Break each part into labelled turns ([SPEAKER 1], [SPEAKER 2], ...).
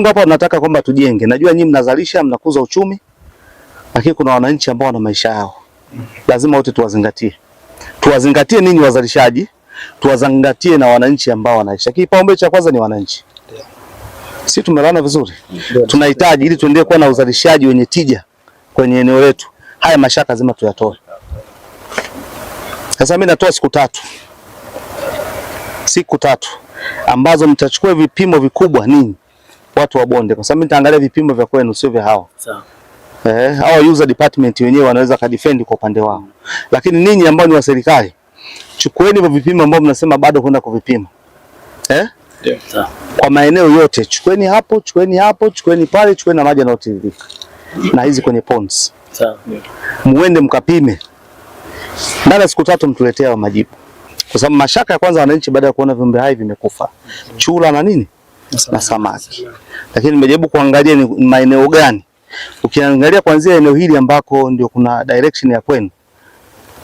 [SPEAKER 1] langu hapa tunataka kwamba tujenge. Najua nyinyi mnazalisha, mnakuza uchumi, lakini kuna wananchi ambao wana maisha yao. Lazima wote tuwazingatie. Tuwazingatie ninyi wazalishaji, tuwazingatie na wananchi ambao wanaishi. Kipaumbele cha kwanza ni wananchi. Sisi tumelana vizuri. Tunahitaji ili tuendelee kuwa na uzalishaji wenye tija kwenye eneo letu. Haya mashaka lazima tuyatoe. Sasa mimi natoa siku tatu, siku tatu ambazo mtachukua vipimo vikubwa ninyi watu wa bonde, kwa sababu nitaangalia vipimo vya kwenu, sio vya hao. Sawa. Eh, hao user department wenyewe wanaweza kadefend kwa upande wao, lakini ninyi ambao ni wa serikali, chukueni hivyo vipimo ambao mnasema bado kwenda kuvipima eh? Yeah. Kwa maeneo yote chukueni hapo, chukueni hapo, chukueni pale, chukueni na maji yanayotiririka na hizi kwenye ponds. Sawa. Yeah. Muende mkapime ndani siku tatu, mtuletee majibu, kwa sababu mashaka ya kwanza wananchi baada ya kuona viumbe hai vimekufa chura na nini na samaki, lakini nimejaribu kuangalia ni maeneo gani. Ukiangalia kuanzia eneo hili ambako ndio kuna direction ya kwenda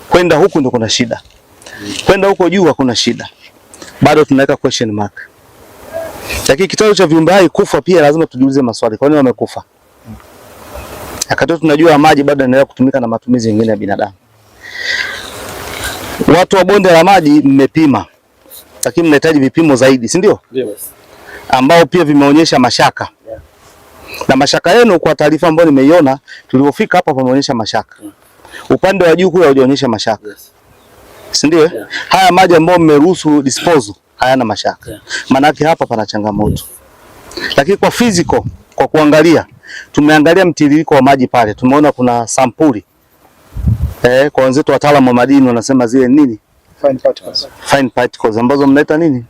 [SPEAKER 1] kwenda huku ndio kuna shida, kwenda huko juu hakuna shida, bado tunaweka question mark. Lakini kitendo cha viumbe hai kufa pia lazima tujiulize maswali, kwa nini wamekufa? Akatoa tunajua maji bado yanaendelea kutumika na matumizi mengine ya binadamu. Watu wa bonde la maji mmepima, lakini mnahitaji vipimo zaidi, si ndio? Yes ambao pia vimeonyesha mashaka Na mashaka yenu kwa taarifa ambayo nimeiona tulivyofika hapa pameonyesha mashaka Upande wa juu kule hujaonyesha mashaka yes. Si ndio? Yeah. Haya maji ambayo mmeruhusu disposal hayana mashaka yeah. Maanake hapa pana changamoto yes. Lakini kwa physical, kwa kuangalia tumeangalia mtiririko wa maji pale, tumeona kuna sampuli eh, kwa wenzetu wataalamu wa madini wanasema zile nini
[SPEAKER 2] fine particles,
[SPEAKER 1] fine particles ambazo mnaita nini,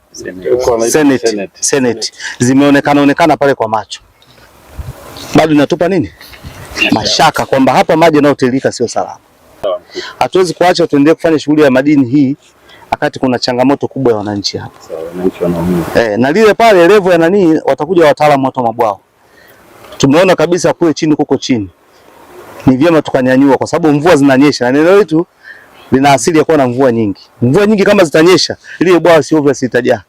[SPEAKER 1] senate, senate. Zimeonekana onekana pale kwa macho, bado inatupa nini mashaka kwamba hapa maji yanayotiririka sio salama. Hatuwezi kuacha tuendelee kufanya shughuli ya madini hii wakati kuna changamoto kubwa ya wananchi hapa. e, na lile pale levo ya nani, watakuja wataalamu watu mabwao. Tumeona kabisa kule chini kuko chini, ni vyema tukanyanyua, kwa sababu mvua zinanyesha na eneo letu lina asili ya kuwa na mvua nyingi. Mvua nyingi kama zitanyesha, ile bwawa si obvious itajaa.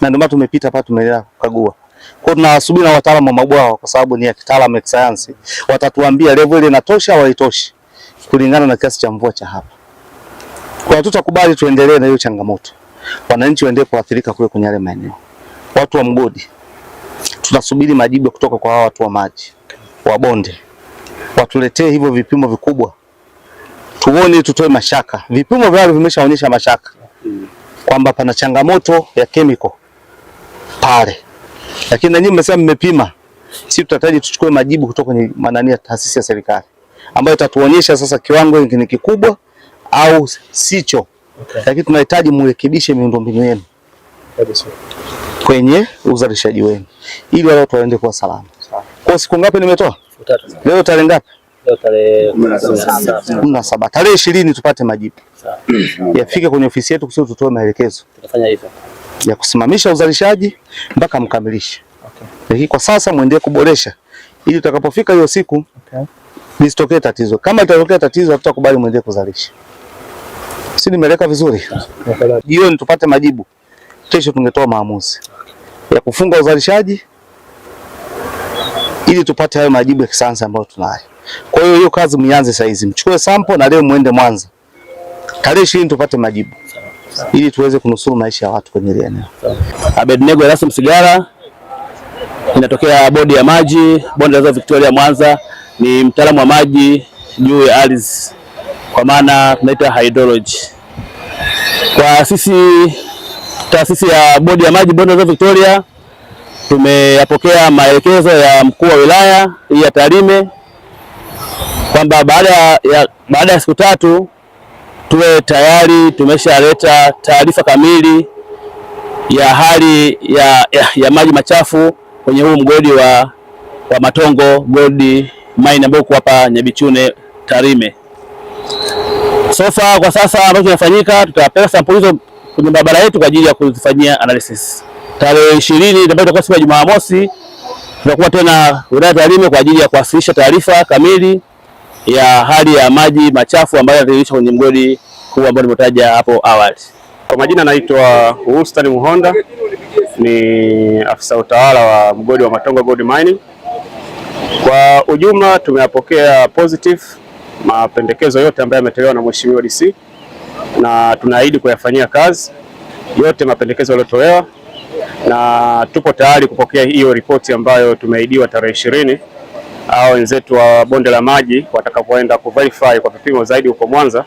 [SPEAKER 1] Na ndio maana tumepita hapa tumeenda kukagua. Kwa hiyo tunasubiri na wataalamu wa mabwawa kwa sababu ni ya kitaalamu ya kisayansi. Watatuambia level ile inatosha au haitoshi kulingana na kiasi cha mvua cha hapa. Kwa tutakubali tuendelee na hiyo changamoto. Wananchi waendelee kuathirika kule kwenye yale maeneo. Watu wa mgodi. Tunasubiri majibu kutoka kwa hawa watu wa maji, wa bonde. Watuletee hivyo vipimo vikubwa tuone, tutoe mashaka. Vipimo vyao vimeshaonyesha mashaka kwamba pana changamoto ya kemiko pale, lakini na nyinyi mmesema mmepima. Sisi tutahitaji tuchukue majibu kutoka kwenye manani ya taasisi ya serikali ambayo itatuonyesha sasa kiwango ni kikubwa au sicho. Okay. Lakini tunahitaji murekebishe miundombinu yenu kwenye uzalishaji wenu ili watu waende kwa salama. Kwa siku ngapi nimetoa? Leo tarehe ngapi? kumi na saba tarehe ishirini tupate majibu yafike kwenye ofisi yetu kusudi tutoe maelekezo ya kusimamisha uzalishaji mpaka mkamilishe. Okay. Lakini kwa sasa muendelee kuboresha ili utakapofika hiyo siku okay, tatizo. Kama litatokea tatizo, hatutakubali muendelee kuzalisha. Si nimeleka vizuri? Jioni okay, tupate majibu, kesho tungetoa maamuzi ya kufunga uzalishaji ili tupate hayo majibu ya kisayansi ambayo tunayo. Kwa hiyo hiyo kazi mwanze sasa hizi. Mchukue sample na leo muende Mwanza. Tarehe 20 tupate majibu ili tuweze kunusuru maisha ya watu kwenye ile eneo. Abednego Erasmus Sigara inatokea bodi ya maji bonde la Ziwa Victoria Mwanza, ni mtaalamu wa maji juu ya ardhi, kwa maana tunaita hydrology. Kwa sisi taasisi ya bodi ya maji bonde la Ziwa Victoria tumeyapokea maelekezo ya mkuu wa wilaya hii ya Tarime kwamba baada ya baada ya siku tatu tuwe tayari tumeshaleta taarifa kamili ya hali ya, ya, ya maji machafu kwenye huu mgodi wa, wa Matongo Gold Mine ambao uko hapa Nyabichune Tarime. Sofa kwa sasa ambacho kinafanyika, tutapeleka sampuli hizo kwenye barabara yetu kwa ajili ya kuzifanyia analysis. Tarehe ishirini ambayo itakuwa siku ya Jumamosi, tutakuwa tena wilaya Tarime kwa ajili ya kuwasilisha taarifa kamili ya hali ya maji machafu ambayo yanatiririshwa kwenye mgodi huu ambao nimetaja hapo awali. Kwa majina naitwa Hustani Muhonda, ni afisa utawala wa mgodi wa Matongo Gold Mining. Kwa ujumla tumeyapokea positive mapendekezo yote ambayo yametolewa na Mheshimiwa DC na tunaahidi kuyafanyia kazi yote mapendekezo yaliyotolewa, na tupo tayari kupokea hiyo ripoti ambayo tumeahidiwa tarehe ishirini au wenzetu wa bonde la maji watakapoenda kuverify kwa vipimo zaidi huko Mwanza,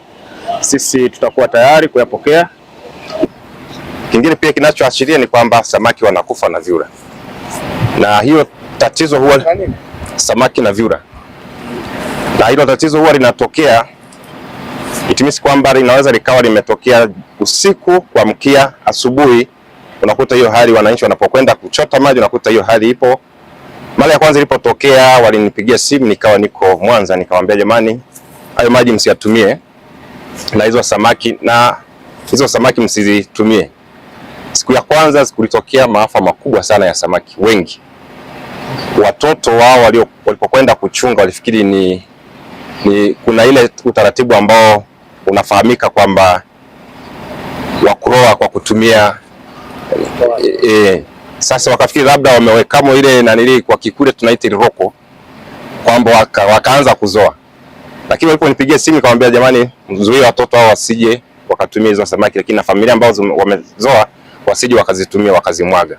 [SPEAKER 1] sisi tutakuwa tayari kuyapokea. Kingine pia kinachoashiria ni kwamba samaki wanakufa na vyura, na hiyo tatizo huwa samaki na vyura, na hilo tatizo huwa linatokea itimisi kwamba linaweza likawa limetokea usiku kuamkia asubuhi, unakuta hiyo hali, wananchi wanapokwenda kuchota maji, unakuta hiyo hali ipo. Mara ya kwanza ilipotokea walinipigia simu, nikawa niko Mwanza, nikamwambia jamani, hayo maji msiyatumie na hizo samaki na hizo samaki msizitumie. Siku ya kwanza kulitokea maafa makubwa sana ya samaki wengi. Watoto wao walipokwenda kuchunga walifikiri ni, ni kuna ile utaratibu ambao unafahamika kwamba wakuroa kwa kutumia e, e, sasa wakafikiri labda wameweka ile nanili kwa kikule tunaita iroko kwamba waka, wakaanza kuzoa. Lakini waliponipigia simu nikamwambia jamani, mzuie watoto hao wasije wakatumia hizo samaki, lakini na familia ambazo wamezoa wasije wakazitumia wakazimwaga.